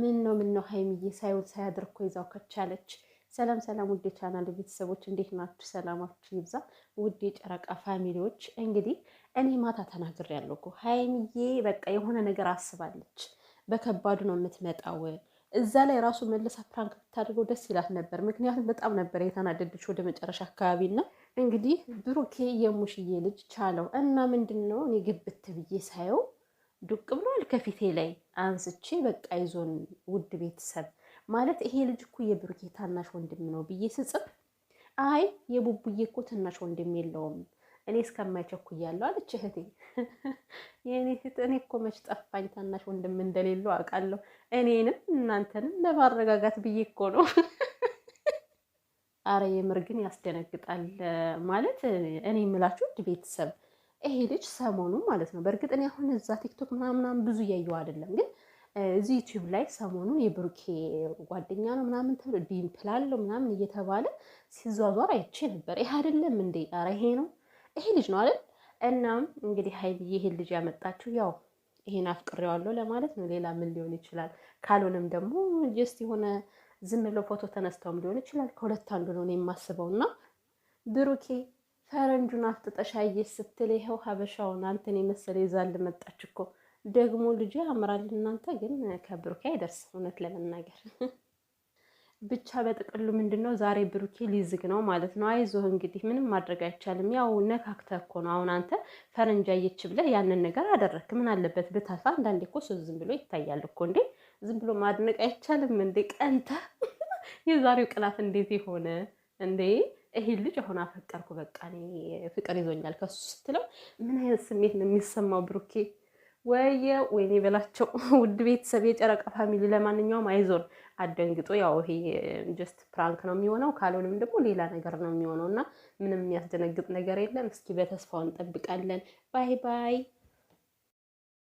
ምን ነው ምን ነው ሀይሚዬ ሳይውል ሳያድር እኮ ይዛው ከቻለች። ሰላም ሰላም፣ ውድ የቻናል ቤተሰቦች እንዴት ናችሁ? ሰላማችሁ ይብዛ። ውድ የጨረቃ ፋሚሊዎች እንግዲህ እኔ ማታ ተናግር ያለሁ እኮ ሀይሚዬ በቃ የሆነ ነገር አስባለች። በከባዱ ነው የምትመጣው። እዛ ላይ ራሱ መለስ ፕራንክ ብታደርገው ደስ ይላት ነበር። ምክንያቱም በጣም ነበር የተናደደች ወደ መጨረሻ አካባቢ ና እንግዲህ ብሩኬ የሙሽዬ ልጅ ቻለው እና ምንድን ነው እኔ ግብት ብዬ ሳየው ዱቅ ብሏል ከፊቴ ላይ አንስቼ በቃ ይዞን ውድ ቤተሰብ ማለት ይሄ ልጅ እኮ የብሩኬ ታናሽ ወንድም ነው ብዬ ስጽፍ አይ የቡቡዬ እኮ ትናሽ ወንድም የለውም እኔ እስከማይቸኩያለሁ አለች እህቴ። የእኔ እህት እኔ እኮ መች ጠፋኝ ታናሽ ወንድም እንደሌለው አውቃለሁ። እኔንም እናንተንም ለማረጋጋት ብዬ እኮ ነው። አረ የምር ግን ያስደነግጣል። ማለት እኔ የምላችሁ ቤተሰብ ይሄ ልጅ ሰሞኑ ማለት ነው። በእርግጥ እኔ አሁን እዛ ቲክቶክ ምናምናም ብዙ እያየው አይደለም፣ ግን እዚህ ዩቲዩብ ላይ ሰሞኑን የብሩኬ ጓደኛ ነው ምናምን ተብሎ ዲምፕላለው ምናምን እየተባለ ሲዟዟር አይቼ ነበር። ይሄ አይደለም እንዴ? ኧረ ይሄ ነው ይሄ ልጅ ነው አይደል? እናም እንግዲህ ሀይልዬ ይሄ ልጅ ያመጣችው ያው ይሄን አፍቅሬዋለሁ ለማለት ነው። ሌላ ምን ሊሆን ይችላል? ካልሆነም ደግሞ ጀስት የሆነ ዝም ብለው ፎቶ ተነስተውም ሊሆን ይችላል። ከሁለት አንዱ ነው የማስበውና ብሩኬ ፈረንጁን አፍጥጠሽ አየሽ ስትል ይኸው ሀበሻውን አንተን የመሰለ ይዛል መጣች እኮ። ደግሞ ልጅ ያምራል። እናንተ ግን ከብሩኬ አይደርስ እውነት ለመናገር ብቻ በጥቅሉ ምንድን ነው ዛሬ ብሩኬ ሊዝግ ነው ማለት ነው። አይዞህ እንግዲህ ምንም ማድረግ አይቻልም። ያው ነካክተህ እኮ ነው አሁን አንተ ፈረንጅ አየች ብለህ ያንን ነገር አደረክ ምን አለበት ብታልፋ። አንዳንዴ እኮ ሰው ዝም ብሎ ይታያል እኮ እንዴ። ዝም ብሎ ማድነቅ አይቻልም እንዴ? ቀንተ የዛሬው ቅላት እንዴት የሆነ እንዴ ይሄ ልጅ አሁን አፈቀርኩ በቃ እኔ ፍቅር ይዞኛል ከሱ ስትለው ምን አይነት ስሜት ነው የሚሰማው? ብሩኬ ወየ ወይኔ በላቸው። ውድ ቤተሰብ የጨረቃ ፋሚሊ፣ ለማንኛውም አይዞን፣ አደንግጦ ያው ይሄ ጀስት ፕራንክ ነው የሚሆነው፣ ካልሆንም ደግሞ ሌላ ነገር ነው የሚሆነው እና ምንም የሚያስደነግጥ ነገር የለም። እስኪ በተስፋው እንጠብቃለን። ባይ ባይ።